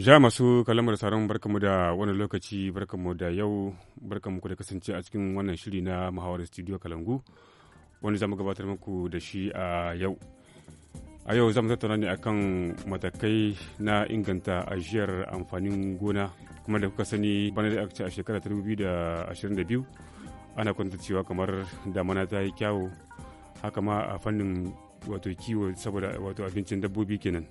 Ja masu kalamar sauran barkamu da wani lokaci barkamu da yau barkamu ku da kasance a cikin wannan shiri na muhawar studio Kalangu wani zamu gabatar muku da shi a yau. A yau zamu tattauna ne akan matakai na inganta ajiyar amfanin gona kuma da kuka sani bana da aka a shekara 2022 ana kwanta cewa kamar damana ta yi kyawu haka ma a fannin wato kiwo saboda wato abincin dabbobi kenan.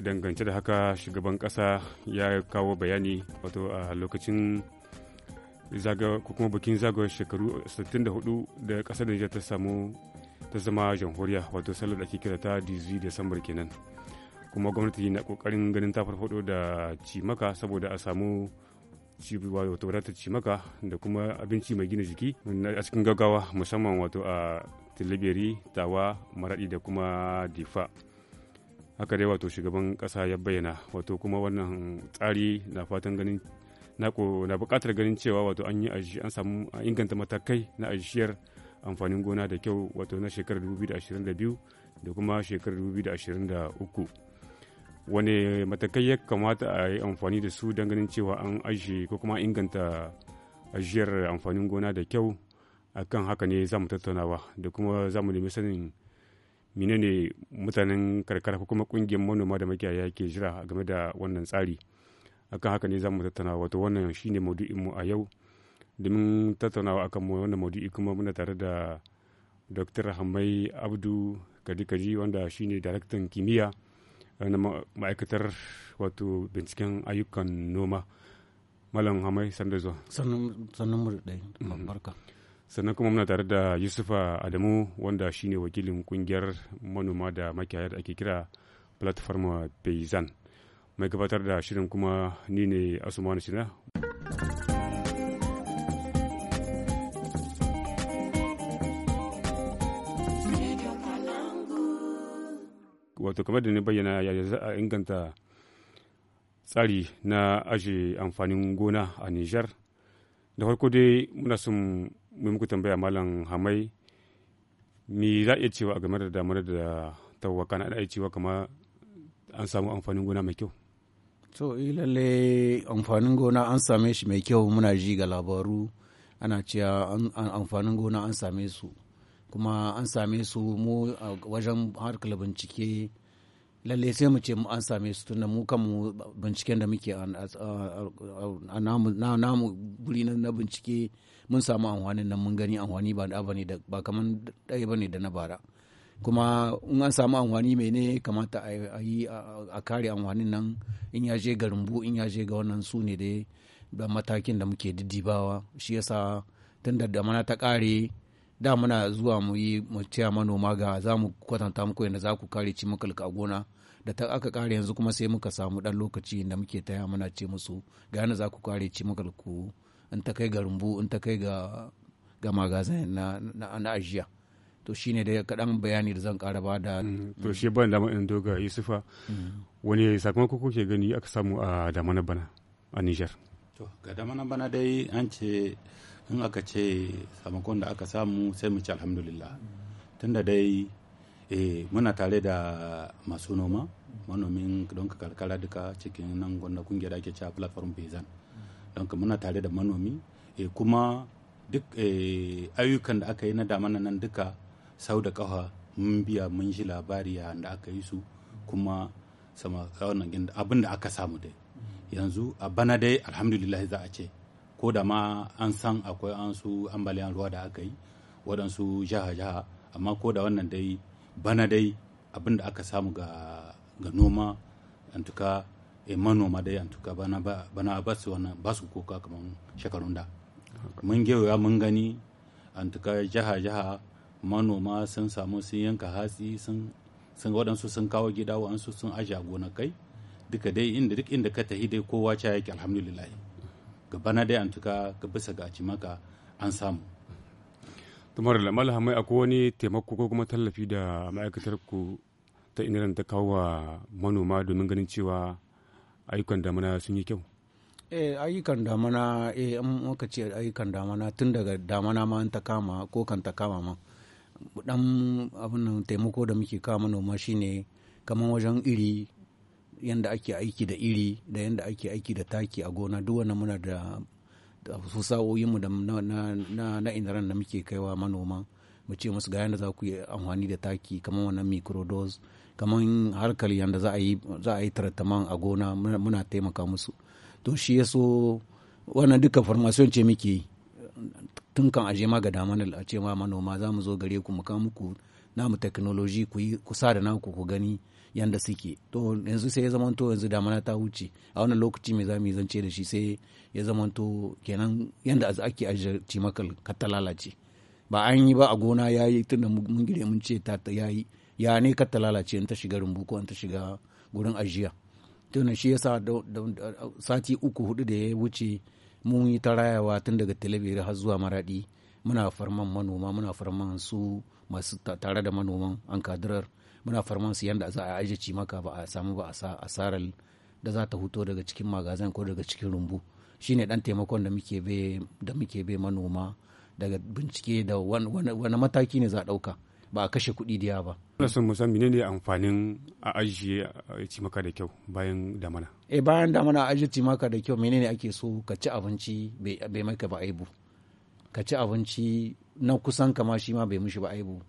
dangance da haka shugaban kasa ya kawo bayani wato a lokacin kuma bikin zagawar shekaru 64 da kasar nija ta samu ta zama jamhuriya wato sallar da ake kira ta 18 Desambar kenan kuma gwamnati na kokarin ganin ta farfado da cimaka saboda a samu wato wadatar cimaka da kuma abinci mai gina jiki a cikin gaggawa musamman wato a tilibiri tawa maradi da kuma difa aka dai wato shugaban kasa ya bayyana wato kuma wannan tsari na fatan ganin na buƙatar ganin cewa wato an yi an samu inganta matakai na ajiyar amfanin gona da kyau wato na shekarar 2022 da kuma shekarar 2023 wane matakai ya kamata a yi amfani da su don ganin cewa an ajiye ko kuma inganta ajiyar amfanin gona da kyau akan haka ne za mu tattaunawa da kuma za mu nemi sanin menene mutanen karkara ko kuma kungiyar manoma da makiyaya ke jira game da wannan tsari akan haka ne za mu tattauna wato wannan shine maudu'in mu a yau domin tattaunawa akan wannan maudu'i kuma muna tare da dr hamai abdu kaji-kaji wanda shine daraktan kimiyya na ma'aikatar wato binciken ayyukan noma malam hamai sanda zuwa mu sannan kuma muna tare da yusufa adamu wanda shine wakilin kungiyar manoma da makiyaya da ake kira platform paysan mai gabatar da shirin kuma ni ne asumani shina wato kamar da ne bayyana yaya za a inganta tsari na aje amfanin gona a nijar da farko dai muna son mun muku tambaya malam hamai mi za iya cewa game da damar da tawaka na iya cewa kama an samu amfanin gona mai kyau to eh, lalle amfanin gona an same shi mai kyau muna ji ga labaru ana cewa amfanin gona an same su kuma an same su mu a wajen harkar bincike lalle sai mu ce mu an same su tunda mu kanmu binciken da muke a namu guri na bincike mun samu amfanin nan mun gani amfani ba da bane da ba kaman ɗaya bane da na bara kuma in an samu amfani mai ne kamata a yi a kare amfanin nan in ya je ga rumbu in ya je ga wannan su da matakin da muke diddibawa shi yasa tun da damana ta kare da muna zuwa mu yi mu taya manoma ga za mu kwatanta muku yadda za ku kare muka a gona da ta aka kare yanzu kuma sai muka samu dan lokaci da muke taya muna ce musu ga yana za ku kare cimakalku in ta kai ga rumbu in ta kai ga ga magazin na, na, na ajiya to shine da kaɗan bayani da zan ƙara ba da mm, to shi ban da in doga yusufa mm. wani sakamako kuke gani aka samu a damana bana a niger to ga damana bana dai an ce in aka ce samakon da aka samu sai mu ci alhamdulillah tunda dai e muna tare da masu noma manomin don ka karkara duka cikin nan gwanda kungiyar ake cewa platform bezan don ka muna tare da manomi e kuma duk eh, ayyukan da aka yi na damana nan duka sau da kafa mun biya mun shi labari da aka yi su kuma sama abin da aka samu dai yanzu a bana dai alhamdulillah za a ce ko da ma an san akwai an su ambaliyan ruwa da aka yi waɗansu jaha-jaha amma ko da wannan dai bana dai abin da aka samu ga, noma antuka e eh, manoma dai antuka bana, bana ba su wannan ba su koka kamar shekarun da mun gewa mun gani antuka jaha-jaha manoma sun samu sun yanka hatsi sun sun waɗansu sun kawo gida waɗansu sun aje gonakai duka dai inda duk inda ka tafi dai kowa ca yake alhamdulillahi gaba na dai an tuka ga bisa ga cimaka an samu tumar da malhamai akwai wani taimako ko kuma tallafi da ma'aikatar ku ta iniran ta kawo wa manoma domin ganin cewa ayyukan damana sun yi kyau eh ayyukan damana eh an muka ce ayyukan damana tun daga damana ma ta kama ko kan ta kama ma dan abin taimako da muke kawo manoma shine kamar wajen iri yadda ake aiki da iri da yadda ake aiki da taki a gona duk wannan muna da su sa'o'inmu mu na inaran da muke kaiwa manoma mu ce musu ga yadda za ku yi amfani da taki kamar wannan microdose kamar harkar yadda za a yi za a yi a gona muna taimaka musu to shi ya so wannan duka farmasiyon ce muke tun kan aje ma ga damanal a ce ma manoma za mu zo gare ku mu kawo muku namu teknoloji ku kusa da naku ku gani yanda suke to yanzu sai ya zamanto yanzu damana ta wuce a wannan lokaci mai zamu zance da shi sai ya zamanto kenan yanda ake ajiye cimakal ka ta lalace ba an yi ba a gona ya yi tunda mun gire mun ce ta ya yi ya ne ka ta lalace in ta shiga rumbu ko in ta shiga gurin ajiya tunan shi yasa sati uku hudu da ya wuce mun yi ta rayawa tun daga talabiri har zuwa maradi muna farman manoma muna farman su masu tare da manoman an kadirar muna farman su yanda za a aje cimaka ba a samu ba a asarar da za ta huto daga cikin magazin ko daga cikin rumbu shine dan taimakon da muke be da muke be manoma daga bincike da wani mataki ne za a dauka ba a kashe kuɗi diya ba. Ina son mu san menene amfanin a ajiye eh, cimaka da kyau bayan damana. Eh bayan damana a ajiye cimaka da kyau menene ake so ka ci abinci bai maka ba aibu. Ka ci abinci na kusan kama shi ma bai mishi ba aibu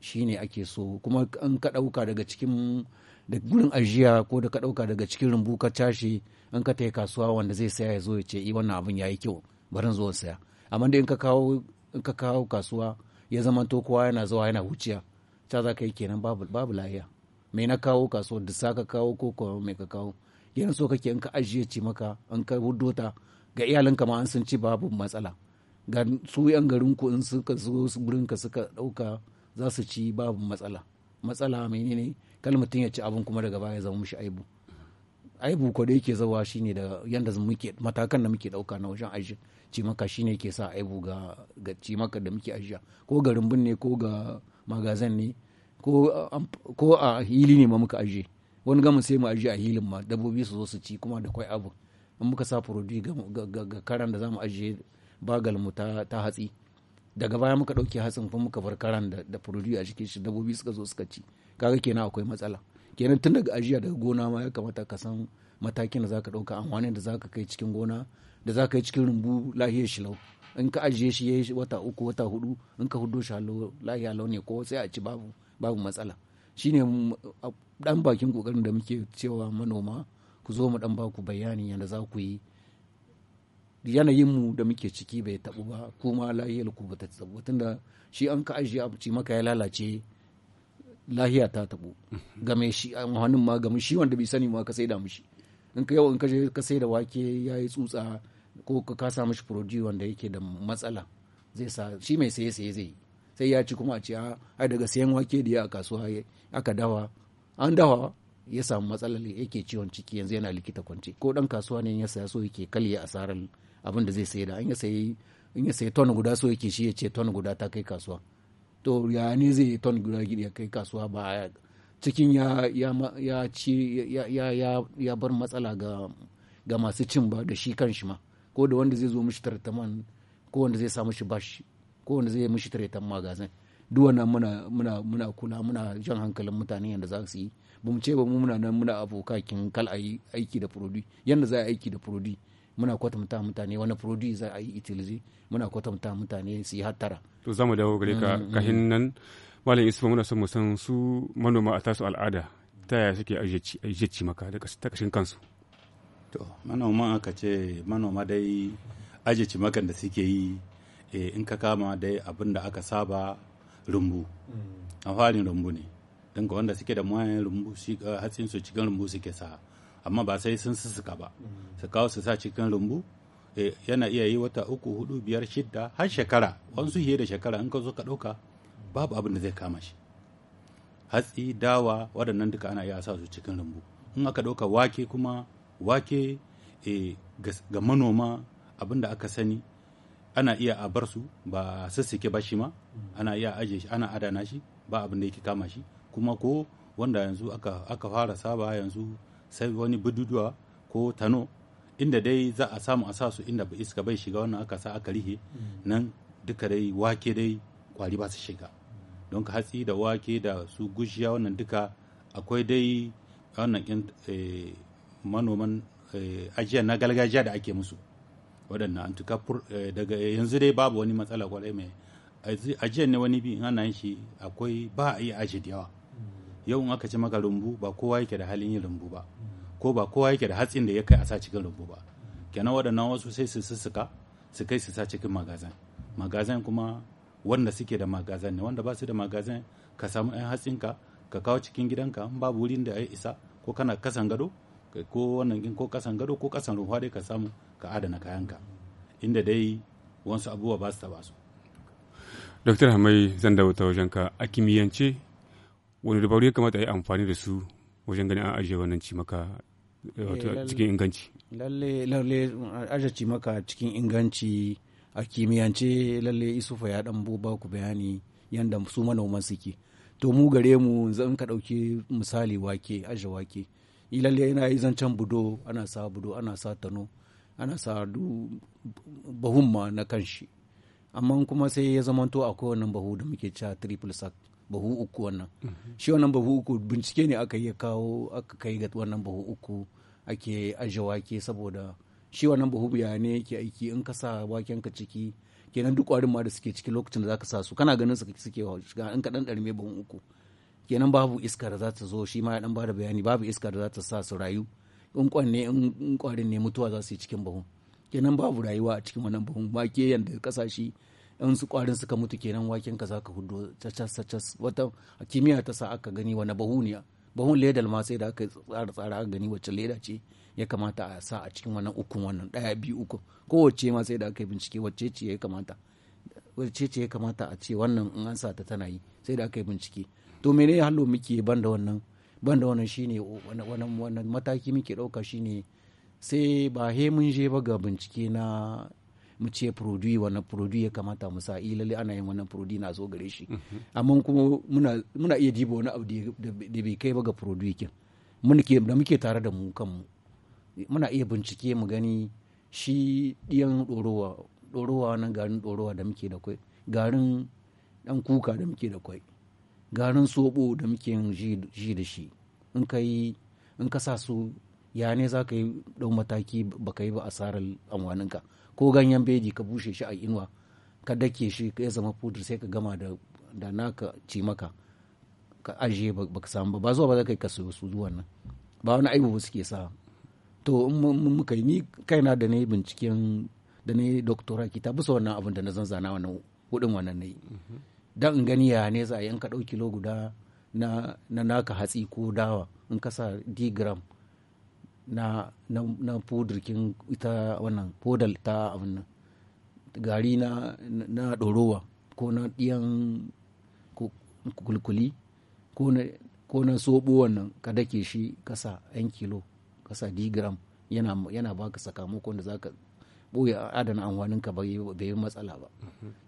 shine ake so kuma in ka ɗauka daga cikin da gurin ajiya ko da ka ɗauka daga cikin rumbu ka tashi in ka tai kasuwa wanda zai saya ya zo ya ce eh, wannan abin ya yi kyau barin zuwa saya amma da in ka kawo kasuwa ya zama to kowa yana zuwa yana wuciya ta za ka yi kenan babu layiya lahiya me na kawo kasuwa da sa ka kawo ko ko me ka kawo yana so kake in ka ajiye ce maka in ka ta ga iyalanka ma an san ci babu matsala ga su yan garin ku in suka zo gurin ka suka ɗauka za su ci babu matsala matsala mai ne kal mutum ya ci abin kuma daga baya zama mishi aibu aibu ko da yake zawa shine da yanda muke matakan da muke dauka na wajen aji ci maka shine yake sa aibu ga ga ci maka da muke ajiya ko ga rumbun ne ko ga magazan ne ko a hili ne ma muka ajiye wani gamin sai mu ajiye a hilin ma dabbobi su zo su ci kuma da kwai abu in muka sa produce ga, karan da mu ajiye bagal mu ta, hatsi daga baya muka ɗauke hatsin kuma muka bar karan da, da a cikin shi dabobi suka zo suka ci kaga kenan akwai matsala kenan tun daga ajiya daga gona ma ya kamata ka san matakin da zaka ɗauka amfanin da zaka kai cikin gona da zaka kai cikin rumbu lahiyar shi lau in ka ajiye shi yayi wata uku wata hudu in ka hudo shi hallo lahiya lau ne ko sai a ci babu babu matsala shine dan bakin kokarin da muke cewa manoma ku zo mu dan baku bayanin yadda za ku yi yanayinmu da muke ciki bai tabu ba kuma lahiyar ku bata ba tunda shi an ka ajiye abinci maka ya lalace lahiya ta taɓu game shi a ma game shi wanda bai sani ma ka saida mushi in ka yau in ka je ka saida wake ya yi tsutsa ko ka kasa mishi produce wanda yake da matsala zai sa shi mai saye saye zai sai ya ci kuma a ce a ah, daga sayan wake da ya a kasuwa aka dawa an dawa ya samu matsalar yake ciwon ciki yanzu yana likita kwance ko dan kasuwa ne ya saya so yake a asarar abin da zai sayi da ya sayi in ya sayi ton guda so yake shi ya ce ton guda ta kai kasuwa to ya ne zai ton guda ya kai kasuwa ba cikin ya bar matsala ga ga masu cin ba da shi kan shi ma ko da wanda zai zo mishi tartaman ko wanda zai sa mishi bashi ko wanda zai mishi tartan magazin duk wannan muna muna muna kula muna jan hankalin mutane yadda za su yi ba mu ce ba mu muna nan muna abokakin kal ayi aiki da furodi yadda za a aiki da furodi muna kwatanta mutane wani produce za a yi itilizi muna kwatanta mutane su yi hattara to zamu dawo gare ka mm, mm, kahin mm. nan malam isufa muna son mu san su manoma a tasu al'ada ta yaya suke ajiyarci cimaka da ta kashin kansu to manoma aka ce manoma dai ajiyarci cimakan da suke yi eh, in ka kama dai abin da aka saba rumbu a farin rumbu ne don wanda suke da mayan rumbu eh, hatsin su cikin rumbu suke sa amma ba sai sun sussuka ba su kawo su sa cikin rumbu eh, yana iya yi wata uku hudu biyar shidda har shekara wansu fiye da shekara in ka zo ka ɗauka babu abin da zai kama shi hatsi dawa waɗannan duka ana iya sa su cikin rumbu in aka ɗauka wake kuma wake eh, ga manoma abin da aka sani ana iya a bar su ba sassake ba shi ma ana iya aje shi ana adana shi ba abin da yake kama shi kuma ko wanda yanzu aka fara saba yanzu sai wani bududuwa ko tano inda dai za a samu a sa su inda iska bai shiga wannan aka sa aka rihe mm. nan duka dai wake dai kwari ba su shiga don ka hatsi da wake da su gushiya wannan duka akwai dai wannan eh, manoman eh, ajiyar na gargajiya da ake musu waɗannan an tuka eh, daga yanzu dai babu wani matsala kwarai mai ajiyar ne wani bi in ana shi akwai ba a iya ajiye da yawa yau in aka ci maka rumbu ba kowa yake da halin yin rumbu ba ko ba kowa yake da hatsin da ya kai a sa cikin rumbu ba kenan waɗannan wasu sai su sussuka su kai su sa cikin magazin magazin kuma wanda suke da magazin ne wanda ba su da magazin ka samu ɗan hatsinka ka kawo cikin gidanka in babu wurin da ya isa ko kana kasan gado ko wannan ko kasan gado ko kasan ruwa dai ka samu ka adana kayanka inda dai wasu abubuwa ba su taba su. Dr. Hamai zan da ta wajenka a kimiyyance wani dabaru ya kamata a yi amfani da su wajen ganin an ajiye wannan cimaka eh, eh, cikin inganci lalle lalle ajiye cimaka cikin inganci a kimiyyance lalle isufa ya dan buba ku bayani yanda su manoman suke to mu gare mu zan ka dauki misali wake ajiye wake lalle yana yi zancen budo ana sa budo ana sa tano ana sa du bahumma na kanshi amma kuma sai ya zamanto a kowane bahu da muke cewa triple sack bahu uku wannan shi wannan bahu uku bincike ne aka yi kawo aka kai ga wannan bahu uku ake aje wake saboda shi wannan bahu biya ne yake aiki in ka sa waken ka ciki kenan duk ƙwarin ma da suke ciki lokacin da zaka sa su kana ganin su suke shiga in ka dan mai bahu uku kenan babu iska da za ta zo shi ma ya dan bada bayani babu iska da za ta sa su rayu in kwanne in kwarin ne mutuwa za su yi cikin bahu kenan babu rayuwa a cikin wannan bahun ba ke yanda kasashe in su kwarin suka mutu kenan waken ka zaka hudo cacas wata kimiyya ta sa aka gani wani bahu ne bahun ledal ma sai da aka tsara tsara aka gani wacce leda ce ya kamata a sa a cikin wannan ukun wannan daya biyu uku kowace ma sai da aka yi bincike wacce ce ya kamata wacce ce ya kamata a ce wannan in an sa ta tana yi sai da aka yi bincike to mene ya hallo muke banda wannan banda wannan shine wannan mataki muke dauka shine sai ba he mun je ba ga bincike na mu ce produit wannan produit ya kamata mu sa eh, lalle ana yin wannan produit na zo gare shi mhm. amma kuma muna muna iya diba wani abu da bai kai ba ga produit kin mun ke da muke tare da mu kanmu muna iya bincike mu gani shi diyan ɗorowa ɗorowa nan garin ɗorowa da muke da kai garin dan kuka da muke da kai garin soɓo da muke yin ji da shi in kai in ka sa su ya ne za ka yi ɗau mataki ba ka yi ba asarar amwaninka ko ganyen bedi ka bushe shi a inuwa ka dake shi ya zama pudur sai ka gama da naka ci maka ka ajiye ba ka samu ba zuwa ba za ka yi kasu su zuwan nan ba wani aibu ba suke sa to in muka yi ni kaina da ne binciken da ne ki kita bisa wannan abin da na zanzana wannan hudin wannan ne dan in gani ya ne za a yi in ka ɗau kilo guda na naka hatsi ko dawa in ka sa d na na, na podirkin ita wannan podal ta abin nan gari na na dorowa ko na diyan kulkuli ko na ko na soɓo wannan ka dake shi kasa 'yan kilo kasa digram yana yana baka sakamakon da zaka boye adana amfanin ka bai yi matsala ba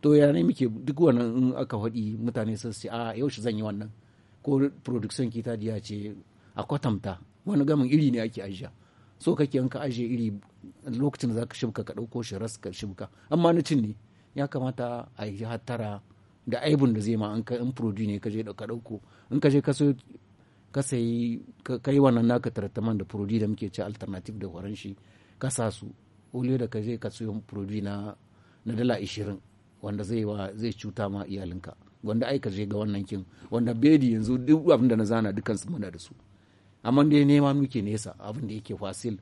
to ya ne muke duk wannan in aka faɗi mutane sun ce a yaushe zan yi wannan ko production kita diya ce a kwatamta wani gamin iri ne ake ajiya so kake yanka ajiye iri lokacin da za ka shibka ka ɗauko shi ras ka shibka amma na cin ne ya kamata a yi hattara da aibun da zai ma an kai in produce ne ka je ka ɗauko in ka je ka so ka sayi ka yi wannan naka tartaman da produce da muke ci alternative da horon shi ka sa su ole da ka je ka so produce na na dala ishirin wanda zai wa zai cuta ma iyalinka wanda ai ka je ga wannan kin wanda bedi yanzu duk abin na zana su muna da su amma dai nema muke nesa abin da yake fasil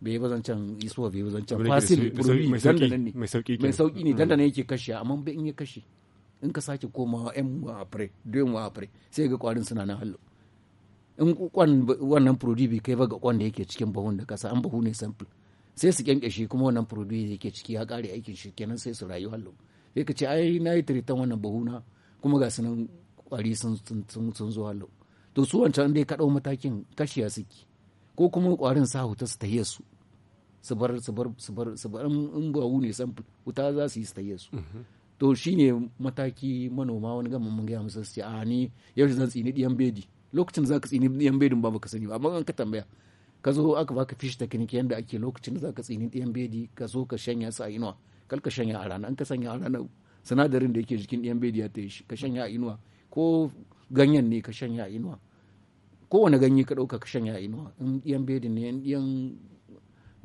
bai ba zancen isuwa bai ba zancen fasil burbi dandanan ne mai sauki ne mm. dandanan yake kashe amma bai in ya kashe in ka sake koma yan wa apre doyin wa apre sai ga kwarin suna na hallo in kwan wannan produit bai kai ba ga kwan da yake cikin bahun da kasa an bahu ne sample sai su kyankyashe kuma wannan produit da yake ciki ya kare aikin shi kenan sai su rayu hallo sai ka ce ai na yi tiritan wannan bahuna kuma ga sunan kwari sun zo hallo to su wancan dai kaɗau matakin kashiya suke ko kuma ƙwarin sa wuta su tahiyar su su bar su bar su bar su bar in ba wu ne san wuta za su yi su tahiyar su mm-hmm. to shine mataki manoma wani gama mun gaya musu su a ni yaushe zan tsini ɗiyan bedi lokacin za ka tsini ɗiyan bedin ba baka sani ba amma an ka tambaya ka zo aka baka fish technique yanda ake lokacin da za ka tsini ɗiyan bedi ka zo ka shanya su a inuwa kal ka shanya a rana an ka sanya a rana sinadarin da yake jikin ɗiyan bedi ya ta shi ka shanya a inuwa ko ganyen ne ka shanya inuwa kowane ganye ka ɗauka ka shanya inuwa in ɗiyan bedin ne yan ɗiyan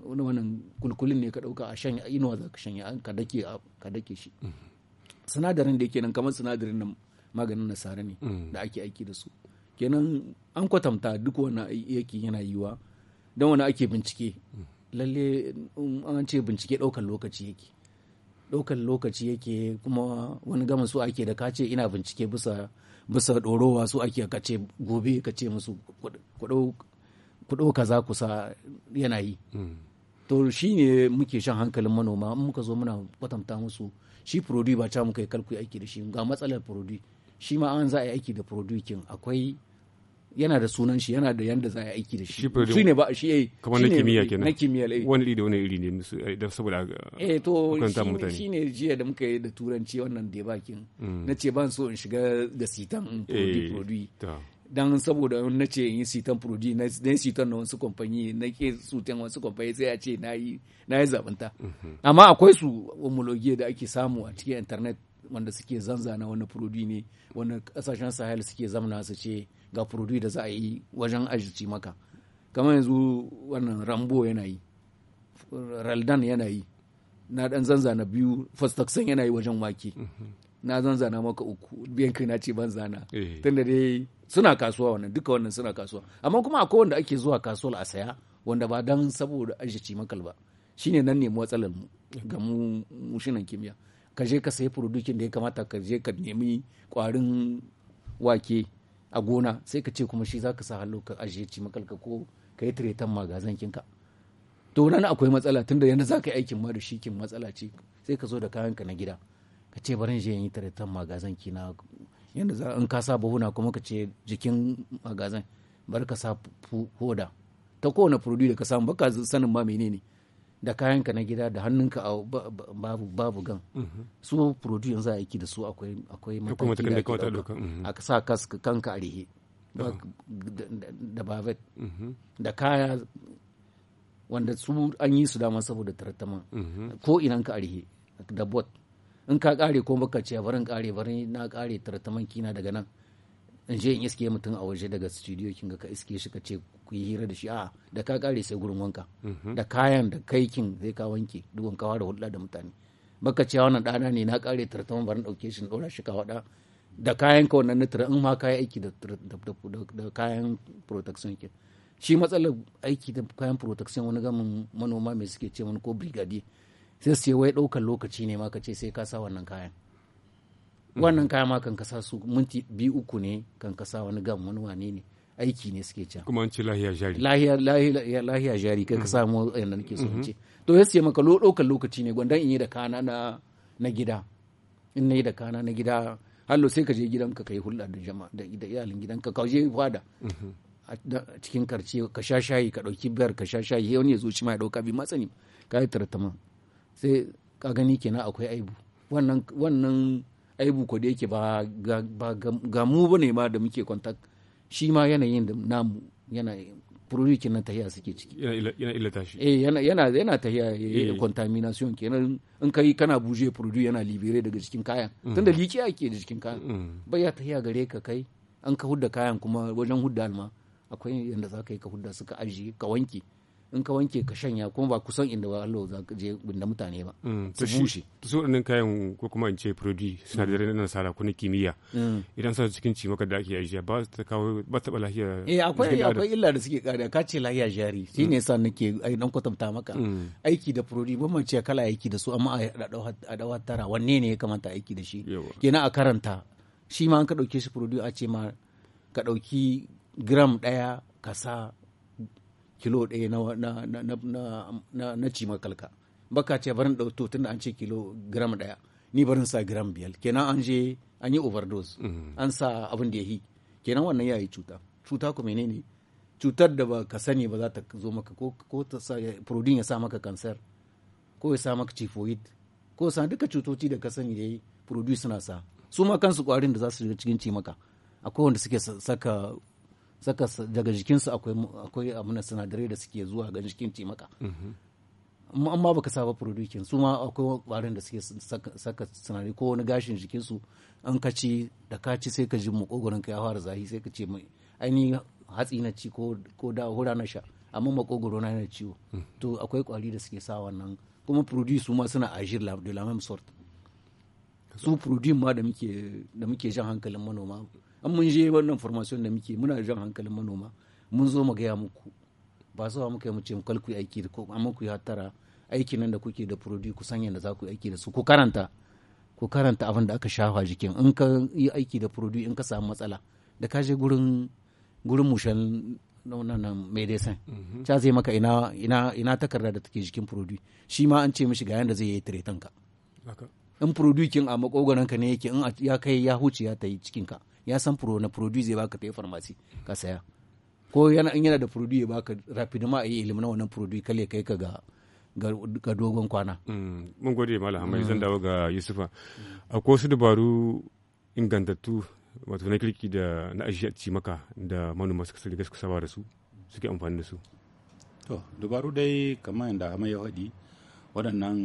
wannan kulkulin ne ka ɗauka a shanya inuwa za ka shanya ka dake ka dake shi mm-hmm. sinadarin da yake nan kamar sinadarin nan maganin nasara ne mm. da ake aiki da su kenan an kwatanta duk wani yake yana yiwa don wani ake bincike mm. lalle an ce bincike ɗaukar lokaci yake ɗaukar lokaci yake kuma wani gama su ake da kace ina bincike bisa bisa ɗorowa su ake kace gobe ka ce musu kuɗo kaza kusa yana yi hmm. to shi ne muke shan hankalin manoma in muka zo muna kwatanta musu shi produce ba ca muka yi kalku aiki da shi ga matsalar produce shi ma an za a yi aiki da produce akwai yana da sunan shi yana da yanda za a aiki da shi shi ne ba shi eh kamar na kimiyya kenan na kimiyya eh wani iri da wani iri ne da saboda ah, eh to shi ne jiya da muka yi da turanci wannan da bakin mm. na ce ban so in shiga da sitan eh, produit dan saboda na ce yi sitan produit na yi sitan na wasu kamfani na ke sutan wasu kamfani sai a ce na yi zabanta mm-hmm. amma akwai su homologiya da ake samu a cikin internet wanda suke zanzana wani produit ne wanda kasashen sahel suke zamana su ce ga produit da za a yi wajen ajiye maka kamar yanzu wannan rambo yana yi raldan yana yi na dan zanzana biyu fastaxan yana yi wajen wake mhm. na zanzana maka uku biyan kai na ce ban zana eh. tunda dai suna kasuwa wannan duka wannan suna kasuwa amma kuma akwai wanda ake zuwa kasuwar a saya wanda ba dan saboda ajiye cimakal ba shine nan ne matsalar mu ga mu mushinan kimiyya ka je ka sayi furudukin da ya kamata ka je ka nemi kwarin wake a gona sai ka ce kuma shi za ka sa hallo ka ajiye ci makalka ko ka yi tiretan magazan kinka to nan akwai matsala tunda yanzu ka yi aikin ma da shi kin matsala ce sai ka zo da kayanka na gida ka ce barin je yi tiretan magazan kina yanda za in ka sa buhuna kuma ka ce jikin magazan bar ka sa hoda ta kowane produce da ka samu baka sanin ma menene ne da kayanka na gida da hannunka a babu babu gan mhm. su produce yanzu aiki da su akwai akwai mataki da ka a mhm. sa kanka a rihe da babet mhm. da kaya wanda su an yi su dama saboda tarattama ko inan ka a rihe da bot in ka kare ko baka ce barin kare barin na kare tartaman kina daga nan in je in iske mutum a waje daga studio kin ga ka iske shi ka ce ku yi hira da shi a da ka kare sai gurin wanka mhm. da kayan da kai kin zai ka wanke wanka kawa da hulɗa da mutane baka ce wannan dana ne na kare tartan bar dauke shi dora shi ka wada da kayan ka wannan in ma ka aiki da kayan protection kin shi matsalar aiki da kayan protection wani gamin manoma mai suke ce mun ko brigadier sai sai wai ɗaukan lokaci ne ma ka ce sai ka sa wannan kayan Hmm. wannan kaya ma kan kasa su minti biyu uku ne kan kasa wani gam wani wane ne aiki ne suke can kuma an ci lahiya jari lahiya lahiya lahiya jari kai ka hmm. samu yanda nake so hmm. ce to ya ce maka ɗaukar lokaci ne gwandan in yi da kana na na gida in na yi da kana na gida hallo sai ka je gidanka ka yi hulɗa da jama'a da iyalin gidanka ka je fada a cikin karce ka sha shayi ka ɗauki biyar ka sha shayi wani ya zo shi ma ya ɗauka bi matsani ka yi tartama sai ka gani kenan akwai aibu wannan wannan aibu ko da yake ba ga mu ba ne ma da muke kontak shi ma yanayin da namu yana fururi na tahiya suke ciki yana illata shi eh yana yana tahiya eh, eh. contamination kenan in kai kana buje fururi yana libere daga cikin kayan mm. tunda liki ake da cikin kayan mm. bai ya tahiya gare ka kai an ka hudda kayan kuma wajen hudda alma akwai yanda za ka yi ka hudda suka aji ka wanke in ka wanke ka shanya kuma ba kusan inda ba Allah za ka je da mutane ba mm, su bushe su waɗannan kayan ko kuma in ce produce sinadarai na nasara ko na kimiyya mm. idan sa cikin cimaka da ake yi ba ta kawo ba ta lahiya eh akwai akwai illa da suke kariya ka ce lahiya jari shine yasa mm. nake ai dan kwatanta maka aiki da produce ba ce kala aiki da su amma a dawa tara wanne ne ya kamata aiki da shi kenan a karanta shi ma an ka dauke shi produce a ce ma ka dauki gram daya ka sa kilo ɗaya na kalka baka ce barin da tun da an ce kilo gram ɗaya ni barin sa gram biyar kenan an je an yi overdose mm-hmm. an sa abin da ya yi kenan wannan ya yi cuta cuta ku menene cutar da ba ka sani ba za ta zo maka ko ko ta sa ya sa maka cancer ko ya sa maka typhoid ko sa duka cutoci da ka sani da yi produce suna sa su ma kansu kwarin da za su shiga cikin ci maka akwai wanda suke saka saka daga jikinsu akwai amina sinadarai da suke zuwa ga jikin cimaka mm-hmm. amma baka saba produkin su ma akwai kwarin da suke saka sinadarai ko wani gashin jikinsu an ka ci da ka ci sai ka ji makogoron ka ya fara zahi sai ka ce mai aini hatsi na ci ko da hura na sha amma makogoro na yana ciwo mm. to akwai kwari da suke sa wannan kuma produce su ma suna ajir de la même sorte su produce ma da muke jan hankalin manoma an mun je wannan formation da muke muna jan hankalin manoma mun zo mu gaya muku ba zuwa muka yi mu ce mu kalku aiki da ku amma ku yi aiki nan da kuke da produce ku san yadda za ku aiki da su ku karanta ku karanta abin da aka shafa jikin in ka yi aiki da produce in ka samu matsala da ka je gurin gurin mushan nan medecin cha mhm. zai maka ina ina ina takarda da take jikin produce shi ma an ce mishi ga yanda zai yi tretan ka in produce kin a makogaran ka ne yake in ya kai ya huce ya ta yi cikin ka ya san pro na produce zai baka ta yi farmasi ka saya ko yana in yana da produce ya baka rapid ma a yi ilimin wannan produce kale kai ka ga ga dogon kwana mm, mun gode malam hamai mm. zan dawo ga yusufa akwai wasu dabaru ingantattu wato na kirki da na ajiya maka da manoma suka sani suka saba da su suke amfani da su to dabaru dai kamar yadda hama ya faɗi waɗannan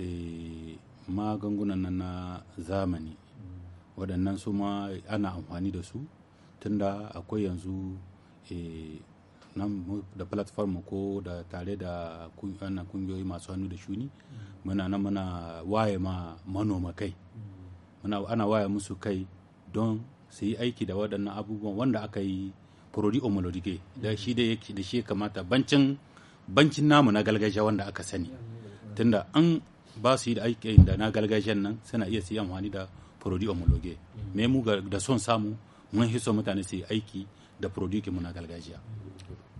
eh, magungunan na zamani waɗannan su ma ana amfani da su tunda akwai yanzu eh, da platform ko da tare da kungiyoyi masu hannu da shuni muna nan muna waye ma manoma kai ana waye musu kai don su yi aiki da waɗannan abubuwan wanda aka yi prodi homologue da shi da yake shi kamata bancin bancin namu na galgajiya wanda aka sani tunda an ba su yi da aiki da na galgajiyan nan suna iya su yi amfani da produit homologué mais mm. mu da son samu mun hiso mutane su aiki da produit ki muna gargajiya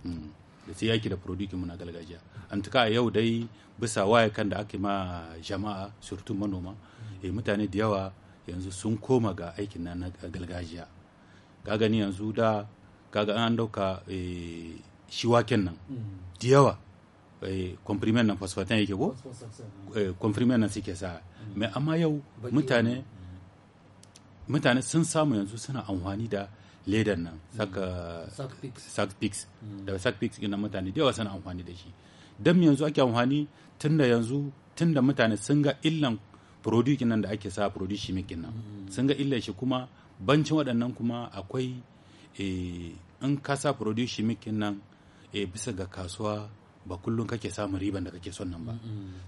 mm. da su aiki da produit ki muna gargajiya an tuka yau dai bisa waye kan da ake ma jama'a surtout manoma mm. eh mutane da yawa yanzu sun koma ga aikin na gargajiya ka gani yanzu da kaga an dauka eh, shi waken nan da yawa eh, comprimer nan phosphate yake ko eh, comprimer nan suke sa mais amma yau mutane mutane sun samu yanzu suna amfani da ledan nan mm. saka mm. da ina mutane da yawa suna amfani da shi don yanzu ake amfani da yanzu da mutane sun ga illan produce nan da ake sa produce chimic nan mm. sun ga illan shi kuma bancin waɗannan kuma akwai eh, in ka sa produce chimic nan eh, bisa ga kasuwa ba kullum kake samun riban da kake son nan ba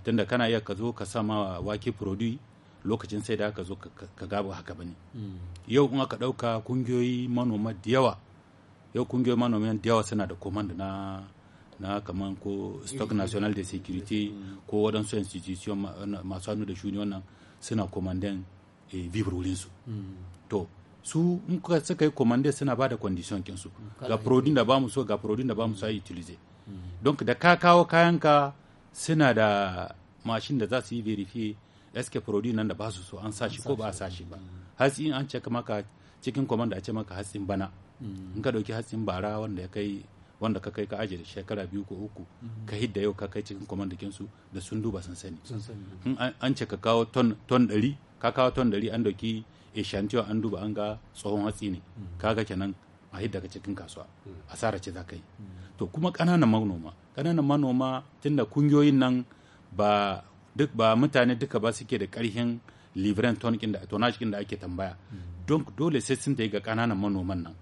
tunda kana iya ka zo ka sama wake produce lokacin sai da aka zo ka gaba haka bane hmm. yau in aka dauka kungiyoyi manoma da yawa yau kungiyoyi manoma da yawa suna da command na na kaman ko stock national de security hmm. ko wadansu institution masu hannu da shuni wannan suna commandan e eh, vivre hmm. to su in kuka suka yi commandan suna ba da condition kin su ga produit da ba mu so ga produit da ba mu so utilize donc da ka kawo kayanka suna da machine da za su yi verify eske produit nan da ba su so an sashi ko ba a sashi ba hatsi an ce maka cikin komanda a ce maka hatsin bana mm. in ka dauki hatsin bara wanda ya kai wanda ka kai ka ajiye shekara biyu ko uku mm. ka hidda yau ka kai cikin komandakin su da sun duba sun sani an ce ka kawo ton dari ka kawo ton dari an dauki ishantiyo an duba an ga tsohon hatsi ne mm. kaga kenan a hidda ka cikin kasuwa asara ce za ka yi to kuma ƙananan manoma ƙananan manoma tunda kungiyoyin nan ba duk ba mutane duka ba suke da ƙarhin livren tonkin da ake tambaya don dole sai sun yi ga kananan manoman nan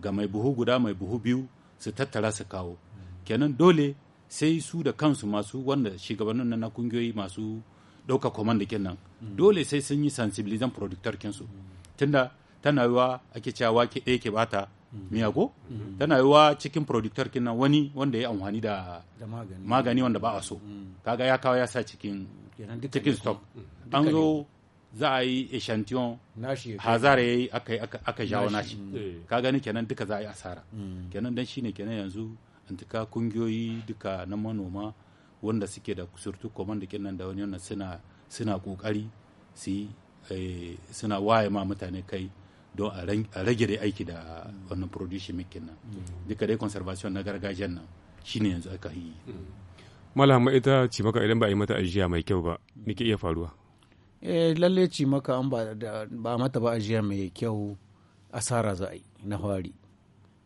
ga mai buhu guda mai buhu biyu su tattara su kawo kenan dole sai su da kansu masu wanda shugabannin na kungiyoyi masu ɗauka komanda kenan dole sai sun yi sensibilizan productor kinsu tunda tana yiwa ake cewa wake ɗaya ke bata miyago mhm. tana wa cikin productor kinan wani wanda ya yi amfani da magani wanda ba a so mhm. kaga ya kawo ya sa cikin cikin stock mhm. an zo za a yi echantion hazara ya yi aka jawo nashi eh. ka gani kenan duka za a yi asara kenan dan shine kenan yanzu antika kungiyoyi duka na manoma wanda suke da surtu command nan da wani wannan suna suna kokari su eh, suna waye ma mutane kai don a rage dai aiki da wannan production making nan mm. duka dai conservation na gargajiyar nan shine yanzu aka yi mm. malama ita ce maka idan ba a yi mata ajiya mai kyau ba me ke iya faruwa eh lalle ce maka an ba ba mata ba ajiya mai kyau asara za a yi na fari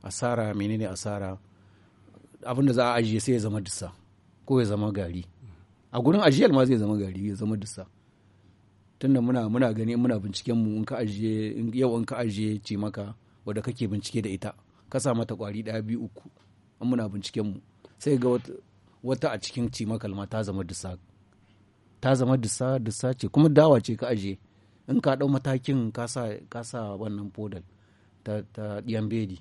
asara menene asara abin da za a ajiye sai ya zama dusa ko ya zama gari a gurin ajiyar ma zai zama gari ya zama dusa tunda muna muna gani muna binciken mu in ka ajiye yau in ka ajiye ce maka wadda kake bincike da ita ka sa mata kwari ɗaya biyu uku in muna binciken mu sai ga wata a cikin ce maka ma ta zama dusa ta zama dusa dusa ce kuma dawa ce ka ajiye in ka ɗau matakin ka sa wannan podal ta ta bedi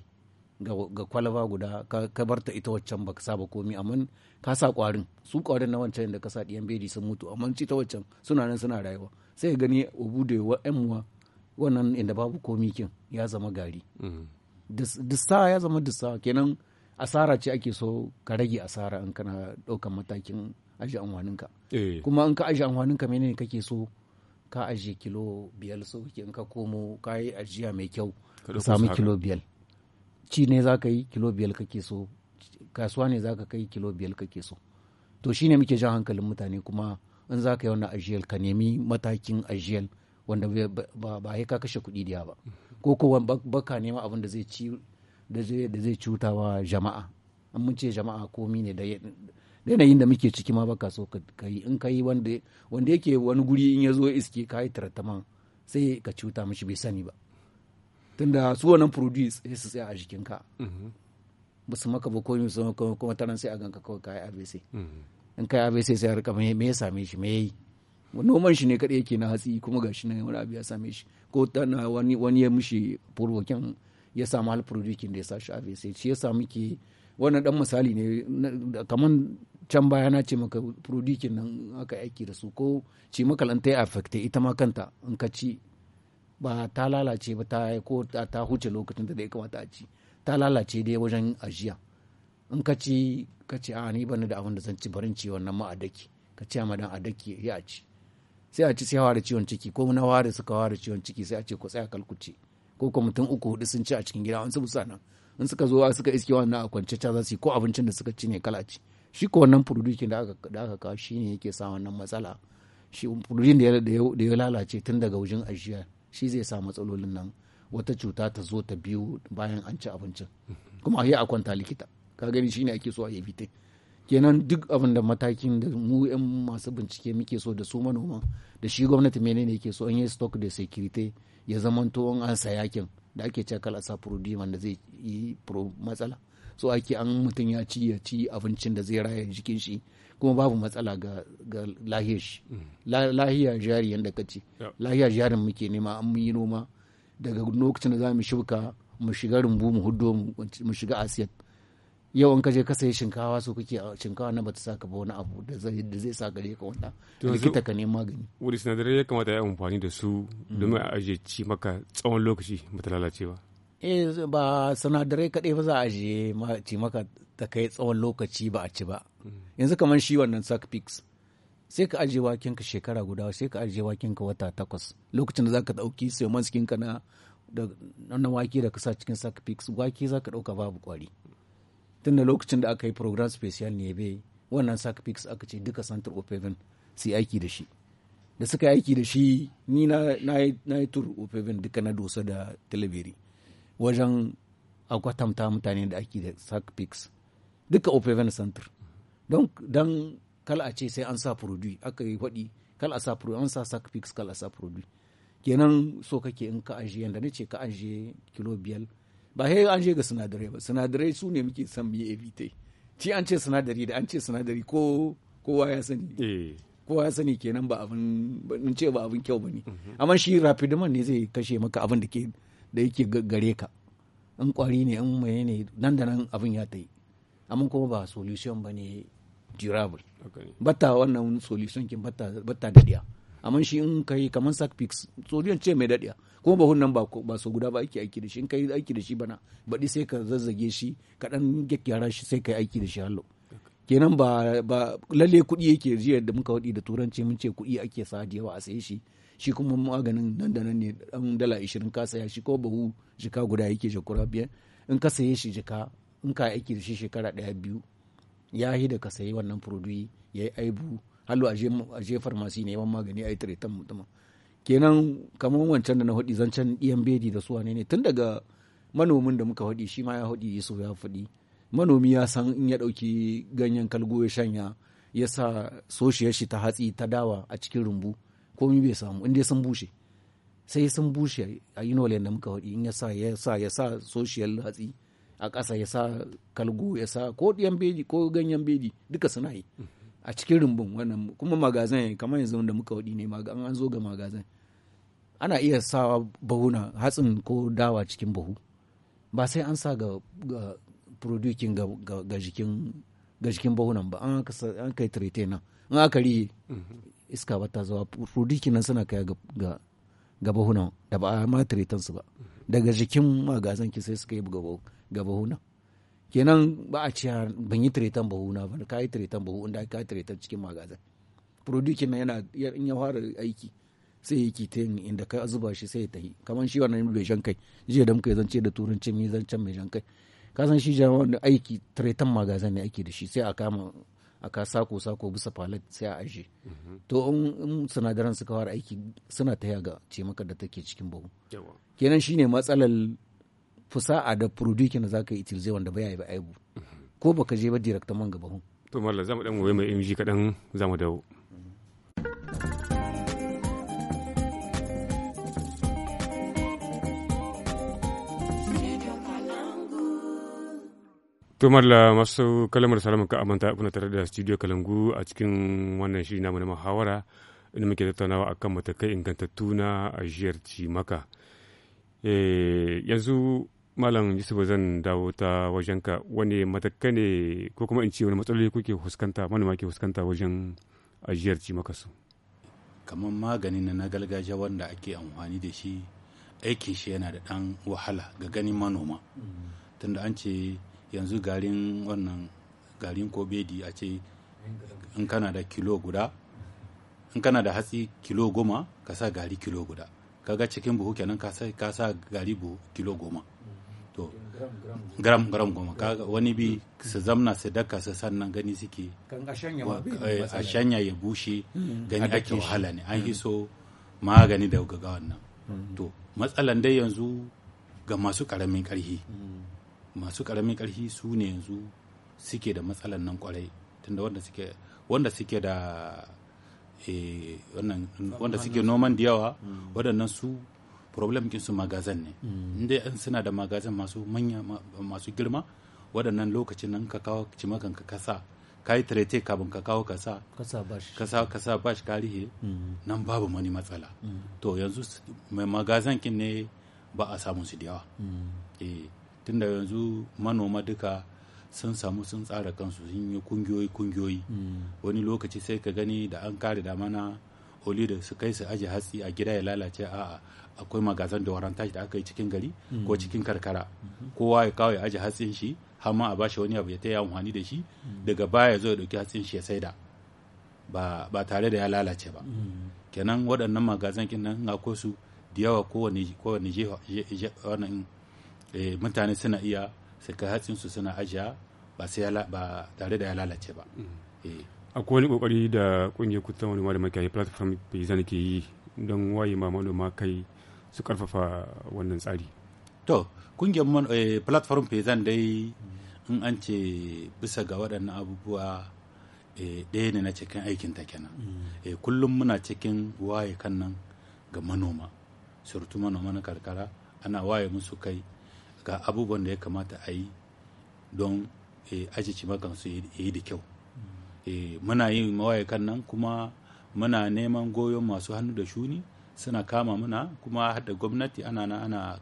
ga kwalaba guda ka bar ta ita waccan baka ba komi amma ka sa kwarin su kwarin na wancan da ka sa diyan bedi sun mutu amma ci ta waccan suna nan suna rayuwa sai gani obu da wa emuwa wannan inda babu komi kin ya zama gari mm. dissa ya zama dissa kenan asara ce ake so ka rage asara in kana ɗaukan matakin aji amfaninka eh. kuma in ka aje amfaninka menene kake so ka aje kilo biyar so in ka komo ka yi ajiya mai kyau ka samu kilo biyar ci ne za ka yi kilo biyar kake so kasuwa ne za ka kai kilo biyar kake so to shine muke jan hankalin mutane kuma in za ka yi wannan ajiyar ka nemi matakin ajiyar wanda ba ya ka kashe kuɗi diya ba ko ko ka nema abin da zai cuta wa jama'a an mun ce jama'a komi ne da yanayin da muke ciki ma baka so ka yi in ka yi wanda yake wani guri in ya zo iske ka yi tarattama sai ka cuta mishi bai sani ba tunda su wannan produce sai su tsaya a jikinka mm-hmm. ba su maka ba komi su kuma sai a ganka kawai ka yi abc in kai abai sai sai harka me ya same shi me yayi noman shi ne kadai yake na hatsi kuma gashi nan wani abu ya same shi ko tana wani wani ya mishi furwokin ya samu hal da ya sashi abai sai shi ya samu ke wannan dan misali ne kaman can baya na ce maka produkin nan aka aiki da su ko ci maka lantai affecte ita ma kanta in ka ci ba ta lalace ba ta ko ta huce lokacin da ya kamata a ci ta lalace dai wajen ajiya in ka ci ka ce a ni bani da abin da zan ci barin ci wannan ma a daki ka ce ma dan a daki ya ci sai a ci sai hawa da ciwon ciki ko na ware suka hawa da ciwon ciki sai a ce ku tsaya kalkuce ko ko mutum uku hudu sun ci a cikin gida an su nan in suka zo suka iske wannan a kwance ta za su yi ko abincin da suka ci ne kala ci shi ko wannan furudukin da aka kawo shi ne yake sa wannan matsala shi furudin da ya lalace tun daga wajen ajiya shi zai sa matsalolin nan wata cuta ta zo ta biyu bayan an ci abincin kuma a yi a kwanta likita ka gani shi shine ake so a yi fitin kenan duk abin da matakin da mu yan masu bincike muke so da su manoma da shi gwamnati menene yake so an yi stock da security ya to an an kin da ake cewa kala sa produce da zai yi matsala so ake an mutum ya ci ya ci abincin da zai raya jikin shi kuma babu matsala ga, ga lahiyar shi mm. lahiya jari yadda ka lahiya jarin muke nema an yi noma daga lokacin da za mu shuka mu shiga rumbu mu huddo mu shiga asiyat yau in ka je ka sayi shinkawa su kake shinkawa na bata saka ba wani abu da zai da zai saka je ka wanda likita ka nemi magani wani sinadarai ya kamata ya amfani da su domin a ajiye ci maka tsawon lokaci ba ta lalace ba eh ba sinadarai kaɗai ba za a ajiye ci maka ta kai tsawon lokaci ba a ci ba yanzu kamar shi wannan sack pigs sai ka ajiye waken ka shekara guda sai ka ajiye waken ka wata takwas lokacin da zaka dauki sai man skin ka na da nan wake da ka sa cikin sack pigs wake zaka dauka babu kwari tun da lokacin da aka yi program special ne bai wannan sac fix aka ce duka santar opevin su yi aiki da shi da suka yi aiki da shi ni na yi tur opevin duka na dosa da talabiri wajen akwatamta mutane da ake da sac fix duka opevin santar don dan kala a ce sai an sa produit aka yi faɗi kala a sa produit an sa sac fix kala a sa produit kenan so kake in ka ajiye yanda ce ka ajiye kilo biyar ba sai an je ga sinadarai ba sinadarai su ne muke son mu yi ci an ce sinadari da an ce sinadari ko kowa ya sani eh. kowa ya sani kenan ba abin in ce ba abin kyau ba ne. Mhm. amma shi man ne zai kashe maka abin da ke da yake gare ka in kwari ne in mai ne nan da nan abin ya tai amma kuma ba solution ne durable batta wannan solution kin batta batta dadiya amma shi in kai kamar sac pics solution ce mai dadiya kuma bahun nan ba ba so guda ba ake aiki da shi in kai aiki da shi bana baɗi sai ka zazzage shi ka dan gyaggyara shi sai ka aiki da shi hallo kenan ba ba lalle kuɗi yake jiya da muka waɗi da turanci mun ce kuɗi ake sa da yawa a saye shi shi kuma maganin nan da nan ne dan dala 20 ka saya shi ko bahu jika guda yake jakura biyar in ka saye shi jika in ka aiki da shi shekara ɗaya biyu ya yi da ka sayi wannan furuduyi yayi aibu hallo a je farmasi neman magani a yi tare kenan kamar wancan da na haɗi zancen ɗiyan bedi da su wane ne tun daga manomin da muka haɗi shi ma ya haɗi yusuf ya faɗi manomi ya san in ya ɗauki ganyen kalgo ya shanya ya sa soshiyar shi ta hatsi ta dawa a cikin rumbu komi bai samu inda sun bushe sai sun bushe a yi nolayen da muka haɗi in ya sa ya sa ya sa soshiyar hatsi a ƙasa ya sa kalgo ya sa ko ɗiyan bedi ko ganyen bedi duka suna yi a cikin rumbun wannan kuma magazin kamar yanzu wanda muka waɗi ne an zo ga magazin ana iya sa bahuna hatsin ko dawa cikin bahu ba sai an sa ga produkin ga jikin bahunan ba an kai trete nan in aka ri mm-hmm. iska ba ta zawa produkin nan suna kaya ga bahunan da ba a ma su ba mm-hmm. daga jikin magazin ki sai suka yi ga bahunan kenan ba a ciya ban yi tiretan bahu na ba ka yi tiretan bahu huna ka yi tiretan cikin magazin produce na yana in ya fara aiki sai yake ta yin inda ka zuba shi sai ya tahi kamar shi wannan mai jan kai jiya da muka zance da turanci mai zancen mai jan kai ka san shi jama'a da aiki tiretan magazin ne ake da shi sai a kama a ka sako sako bisa falet sai a aje mm-hmm. to in sinadaran suka fara aiki suna ta ga ce maka da take cikin bahu kenan shine matsalar fusa'a da produkin da za ka yi itilize wanda ba ya yi ba aibu ko baka je ba man gaba hun to mallam za mu dan gobe mai imji kaɗan za mu dawo to la masu kalamar salamun ka amanta kuna tare da studio kalangu a cikin wannan shiri namu na muhawara inda muke tattaunawa akan matakai ingantattu na ajiyar cimaka eh, yanzu malam yusufu zan dawo ta wajenka wani matakai ne ko kuma in ce wani matsaloli kuke fuskanta manoma ke fuskanta wajen ajiyar cimakasu kamar maganin na gargajiya wanda ake amfani da shi aikin shi yana da ɗan wahala ga ganin manoma tunda an ce yanzu garin wannan garin kobedi a ce in kana da kilo guda in kana da hatsi kilo goma ka sa gari kilo guda kaga cikin buhu kenan ka sa gari buhu kilo goma to gram gram goma kaga wani bi su zamna su daka su sannan gani suke eh, a shanya ya bushe hmm. gani ake wahala ne an yi hmm. so magani da gaga wannan hmm. to matsalan dai yanzu ga masu karamin karhi masu karamin karhi su ne yanzu suke da matsalan nan kwarai tunda wanda suke wanda suke da eh, wanda suke noman da yawa waɗannan su problem su magazan ne mm. inda an suna da magazan masu manya masu girma waɗannan lokacin nan ka kawo cimakan ka kasa ka yi tarete kafin ka kawo kasa kasa kasa ka karihe. Mm. nan babu wani matsala mm. to yanzu mai magazan kin ne ba a samu su da yawa eh, tunda yanzu manoma duka sun samu sun tsara kansu sun yi kungiyoyi kungiyoyi wani lokaci sai ka gani da an kare da mana oli da su kai su aji hatsi a gida ya lalace a'a akwai magazan da warantashi da aka yi cikin gari mm. ko cikin karkara kowa ya kawo ya aje hatsin shi har ma a bashi wani abu ya ta yi amfani da shi mm. daga baya zo ya dauki hatsin shi ya saida ba ba tare da ya lalace ba mm. kenan waɗannan magazan kin nan akwai su da yawa kowane kowane wannan eh, mutane suna iya su kai hatsin su suna ajiya ba sai ba tare da ya lalace ba eh. akwai wani kokari da kungiyar kuta wani malamai kai platform bai zan ke yi don waye ma manoma kai su karfafa wannan tsari to kungiyar eh, platform pezan dai in an ce bisa ga waɗannan abubuwa eh, ɗaya ne na cikin aikin ta kenan mm. eh, kullum muna cikin waye kan nan ga manoma surtu manoma na karkara ana waye musu kai ga abubuwan da ya kamata a yi don aji cimakan su yi da kyau mm. muna yin waye kan nan kuma muna neman goyon masu hannu da shuni suna kama muna kuma har da gwamnati ana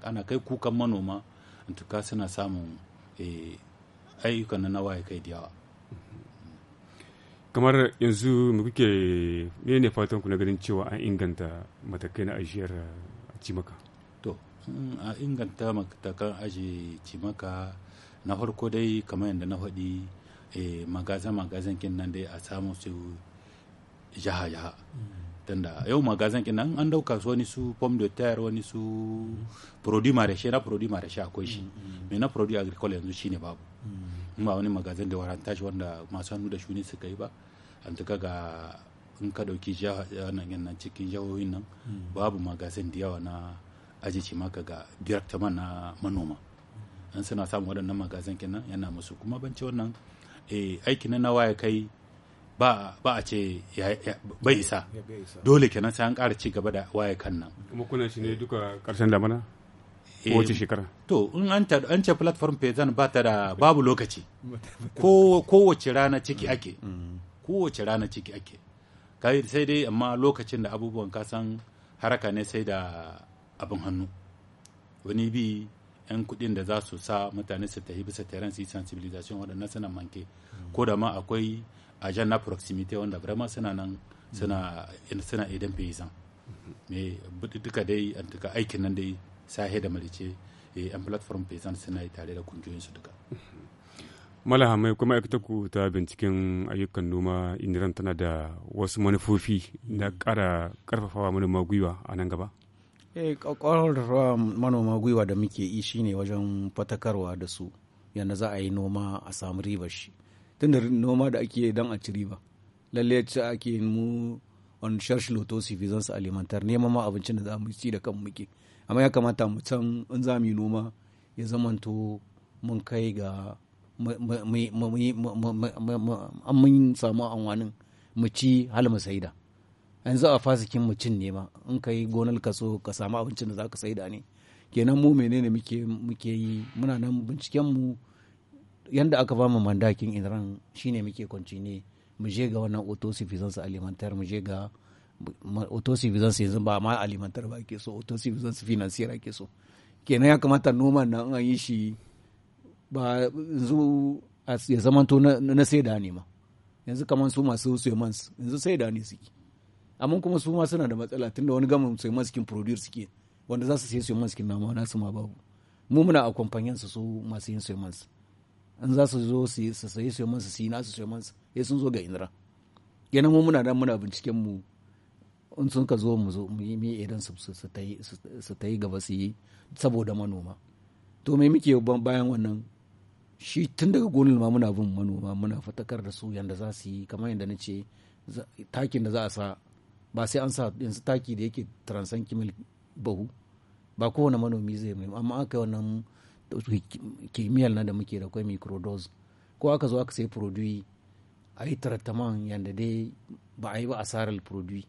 ana kai kukan manoma in tuka suna samun eh, ayyukan na waye kai da yawa kamar yanzu mu kuke ne fatan ku na ganin cewa an inganta matakai na ajiyar cimaka to a inganta matakan ajiye cimaka na farko dai kamar yadda na faɗi eh, magazan magazan kin nan dai a samu su jaha-jaha mm. tunda yau magazin ɗin nan an dauka su wani su pom de terre wani su produit maraîcher na produit maraîcher akwai shi mm, mm, mm. me na produit agricole yanzu shine babu ba wani magazin da waranta shi wanda masu hannu da shuni suka yi ba an tuka ga in ka dauki wannan nan cikin jihohin nan babu magazin da yawa na ajiye maka ga directement na manoma an suna samun waɗannan magazin kenan yana musu kuma ban ce wannan eh, aikin na waye kai ba ba a ce bai isa dole kenan sai an ƙara ci gaba da waye kan nan kuma kuna shi ne duka damana wace eh, shekara to in an ta an ce platform pezan ba ta da babu lokaci ko kowace rana ciki ake kowace rana ciki ake kai sai dai amma lokacin da abubuwan ka san haraka ne sai da abin hannu wani bi yan kuɗin da za su sa mutane su tafi bisa taron su yi sensibilization waɗannan manke ko da ma akwai ajan na proximité wanda vraiment suna nan suna suna idan paysan me duka dai an duka aikin nan dai sahe da malice yan e, platform paysan suna yi tare da kungiyoyin su duka malahamai kuma aikata ku ta binciken ayyukan noma indiran tana da wasu manufofi na kara hmm. karfafawa manoma gwiwa a nan gaba eh, ƙwararrawa manoma gwiwa da muke yi shine wajen fatakarwa da su yadda za a yi noma a samu ribar shi tunda noma da ake don a ci riba lalle ce ake mu on zan su alimantar neman ma abincin da za mu ci da kan muke amma ya kamata mu san in za mu yi noma ya zamanto mun kai ga an mun samu anwanin mu ci hal mu saida yanzu a fasikin mu cin nema in ka yi gonar kaso ka samu abincin da za ka saida ne kenan mu menene muke muke yi muna nan binciken mu yanda aka ba mu mandakin iran shine muke kwanci ne mu je ga wannan autosuffisance alimentaire mu je ga su yanzu ba ma alimantar ba ke so su financier ake so kenan ya kamata noma na an yi shi ba yanzu ya to na sai da ne ma yanzu kamar su masu suemans yanzu sai da ne suke amma kuma su ma suna da matsala tunda wani gamin suemans cikin produce suke wanda za su sai suemans cikin nama nasu ma babu mu muna a kwamfanyan su su masu yin suemans in za su zo su sayi su man su yi nasu su su sun zo ga inira kenan mu muna da muna binciken mu in sun ka zo mu zo mu yi idan su su ta yi gaba su yi saboda manoma to me muke bayan wannan shi tun daga gonar ma muna bin manoma muna fatakar da su yanda za su yi kamar yadda na ce takin da za a sa ba sai an sa yanzu taki da yake transan kimil bahu ba kowane manomi zai mai amma aka yi wannan kimiyyar nan da muke da kwai microdose ko aka zo aka sai produit a yi tarataman yadda dai ba a yi ba asarar produit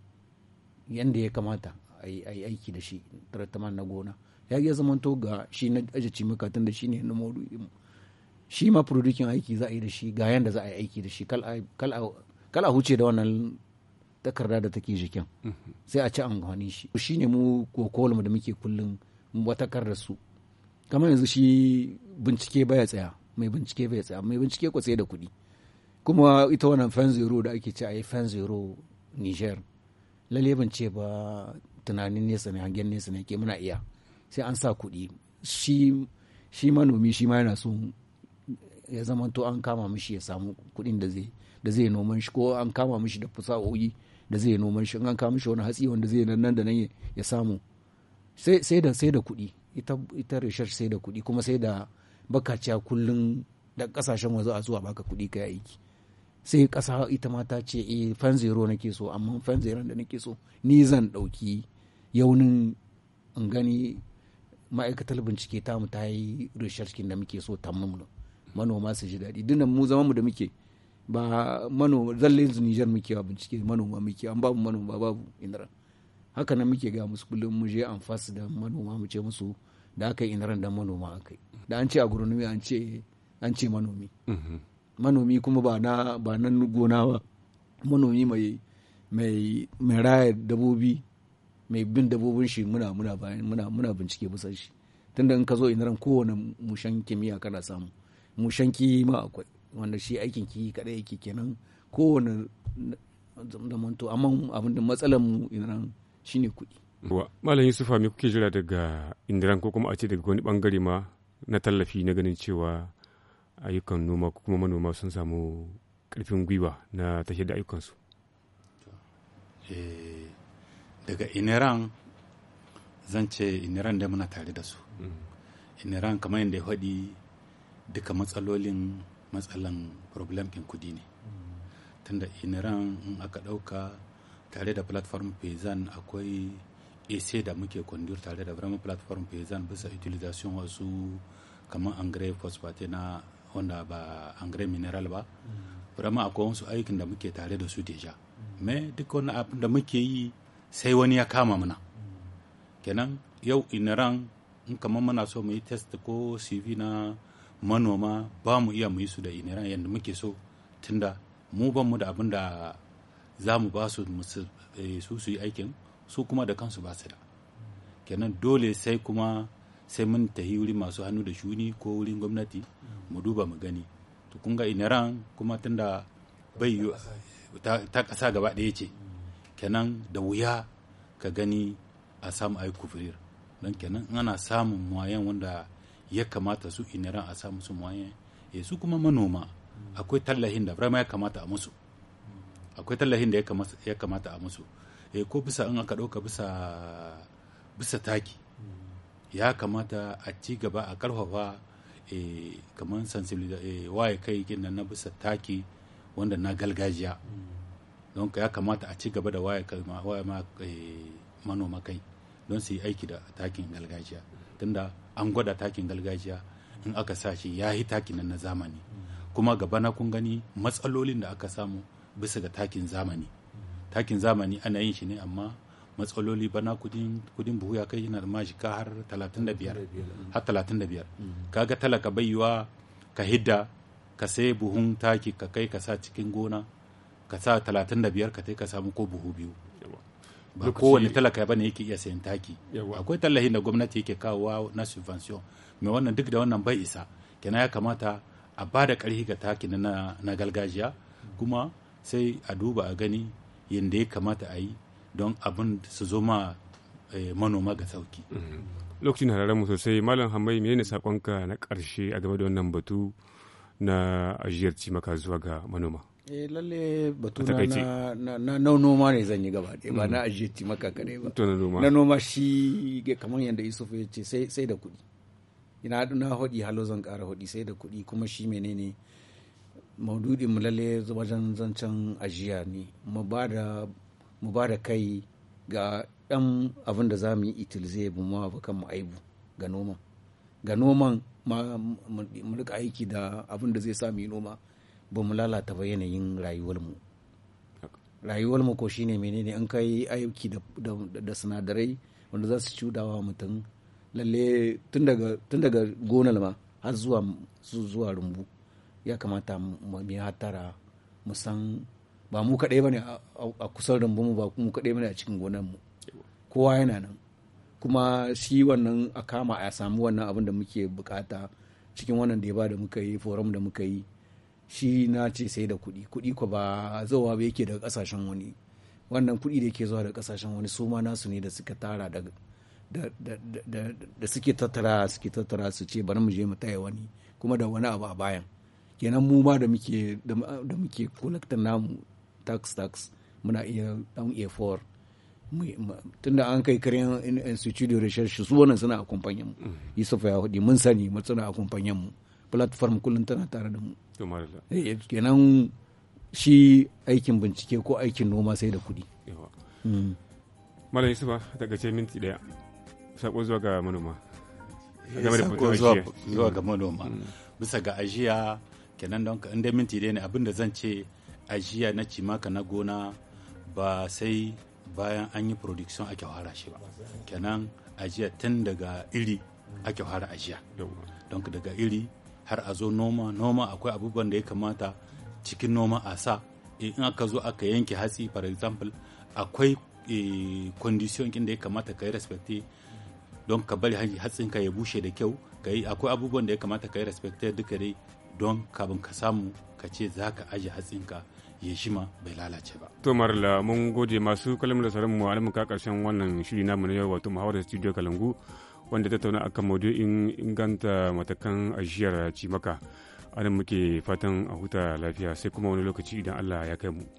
yadda ya kamata a yi aiki da shi tarataman na gona ya iya to ga shi na aje cimika tun da shi ne na maudu'in shi ma produkin aiki za a yi da shi ga yadda za a yi aiki da shi kal a huce da wannan takarda da take jikin mhm. sai a ci amfani shi shi ne mu kokolmu da muke kullum wata kar da su kamar yanzu shi bincike baya tsaya mai bincike baya tsaya mai bincike ko tsaye da kuɗi kuma ita wannan fan zero da ake ce a yi fan zero niger lalle ban ba tunanin nesa ne hangen nesa ne ke muna iya sai an sa kuɗi shi shi manomi shi ma yana so ya zama to an kama mishi ya samu kuɗin da zai da zai noman shi ko an kama mishi da fasahohi da zai noman shi an kama mishi wani hatsi wanda zai nan da nan ya samu sai da sai da kuɗi ita ita research sai da kuɗi kuma sai da bakaciya kullun da kasashen waje a zuwa baka kuɗi kai aiki sai ƙasa ita ma ta ce eh fan zero nake so amma fan zero da nake so ni zan ɗauki yaunin in gani ma'aikatar bincike ta mu ta yi research da muke so tamam manoma su ji daɗi dinnan mu zaman mu da muke ba manoma zalle yanzu Nijar muke wa bincike manoma muke an babu manoma babu inira haka nan muke ga musu kullum mu je an fasu da manoma mu ce musu da aka yi inaran dan manoma aka yi da an ce agronomy an ce manomi mm-hmm. manomi kuma ba na ba nan gona ba manomi mai mai raya dabobi mai bin dabobin shi muna muna bayan muna muna bincike bisa shi tunda in ka zo inaran kowane mushan kimiyya kana samu mushan kiyi ma akwai wanda shi aikin kiyi kadai yake kenan kowane zamanto amma abin da matsalar mu inaran shine kuɗi wa Malam Yusufa me kuke jira daga indiran ko kuma a ce daga wani bangare ma na tallafi na ganin cewa ayyukan noma ko kuma manoma sun samu karfin gwiwa na tafiyar da ayyukansu. Eh, daga iniran zan ce iniran da muna tare da su. Mm. Iniran kamar yadda ya faɗi duka matsalolin matsalan problem ɗin kudi ne. Mm. Tunda iniran in aka ɗauka tare da platform Pezan akwai ese da muke kondur tare da vraiment platform paysan bisa utilisation wasu kamar engrais phosphate na wanda ba engrais mineral ba mm. vraiment akwai wasu aikin da muke tare da su deja me duk wani abin da muke yi sai wani ya kama mana mm. kenan yau inaran in kamar muna so mu yi test ko cv na manoma ba mu iya mu yi su da inaran yadda muke so tunda mu ban mu da abin da za mu ba su eh, su yi aikin su kuma da kansu ba su da kenan dole sai kuma sai mun tahi wuri masu hannu da shuni ko wurin gwamnati mu duba mu gani to kun ga inaran kuma tunda bai ta ƙasa gaba ɗaya ce kenan da wuya ka gani a samu ayi kufirir don kenan ana samun mayan wanda ya kamata su inaran a samu su mayan eh, su kuma manoma akwai tallahin da ya kamata a musu akwai tallahin da ya kamata a musu eh, ko bisa in aka ɗauka bisa bisa taki ya kamata a ci gaba a ƙarfafa eh, kamar eh, waye kai gina na bisa taki wanda na galgajiya don ya kamata a ci gaba da waye ma eh, manoma kai don su yi aiki da takin galgajiya tunda an gwada takin galgajiya in aka sa shi ya yi takin na zamani kuma gaba na kun gani matsalolin da aka samu bisa ga takin zamani takin zamani ana yin shi ne amma matsaloli bana kudin buhu ya kai yana da mashika har 35 har 35 mm-hmm. kaga talaka baiwa ka hidda ka sai buhun taki ka kai ka sa cikin gona ka sa 35 ka kai ka samu ko buhu biyu ba kowane talaka bane yake iya sayan taki akwai tallahin da gwamnati yake kawowa na subvention mai wannan duk da wannan bai isa kina ya kamata a ba da karfi ga takin na gargajiya mm-hmm. kuma sai a duba a gani yadda ya kamata a yi don abin su zo ma eh, manoma ga sauki mm-hmm. lokacin hararen mu sosai malam hamai menene sakonka na karshe a game da wannan batu na ajiyar cimaka zuwa ga manoma eh lalle batu na na noma ne zan yi gaba ba mm. na ajiyar cimaka kare ba na noma shi kamar yadda yusuf ya ce sai da kuɗi ina na hodi halo zan ƙara hodi sai da kuɗi kuma shi menene ne maududi mu lalle wajen zancen ajiya ne mu ba da kai ga ɗan abin da za mu yi itilize mu ma bakan mu aibu ga noman ga noman ma mu rika aiki da abin da zai sa mu yi noma ba mu lalata ba yanayin rayuwarmu mu ko shine menene in kai aiki da sinadarai wanda za su cudawa mutum lalle tun daga gonar ma har zuwa rumbu ya kamata mu hattara mu san ba mu kaɗai ba ne a kusan mu ba mu kaɗai ba ne a cikin mu, kowa yana nan kuma shi wannan a kama a samu wannan abin da muke bukata cikin wannan ba da muka yi forum da muka yi shi na ce sai da kuɗi kuɗi ko ba zowa ba yake daga kasashen wani wannan kuɗi da yake zuwa daga kasashen wani su ma nasu ne da suka tara da da suke tattara suke tattara su ce bari mu je mu taya wani kuma da wani abu a bayan kenan mu ma da muke da muke collector namu tax tax muna iya dan effort tunda an kai karyar institute de recherche su wannan suna a kumfanyen mu mm. yusuf ya hudu mun sani mun suna a kumfanyen mu platform kullum tana tare da mu eh, eh, kenan shi aikin bincike ko aikin noma sai da kudi. Mm. malam yusufa daga ce minti daya sako zuwa ga manoma zuwa ga manoma mm. bisa ga ajiya kenan don in dai minti dai ne abin da zan ce ajiya na cimaka na gona ba sai bayan an yi production ake fara shi ba kenan ajiya tun daga iri ake fara ajiya don daga iri har a zo noma noma akwai abubuwan da ya kamata cikin noma a sa eh, in aka zo aka yanke hatsi for example akwai eh, condition da ya kamata ka yi respecte don ka bari hatsinka ya bushe da kyau akwai abubuwan da ya kamata ka yi respecte duka dai don kafin ka samu ka ce za ka aje hatsinka ya shi ma bai lalace ba. To Marla mun gode masu kalmar da sauran mu alamun ka karshen wannan shiri namu na yau wato muhawarar studio Kalangu wanda tattauna akan maudu'in inganta matakan ajiyar cimaka. anan muke fatan a huta lafiya sai kuma wani lokaci idan Allah ya kai mu.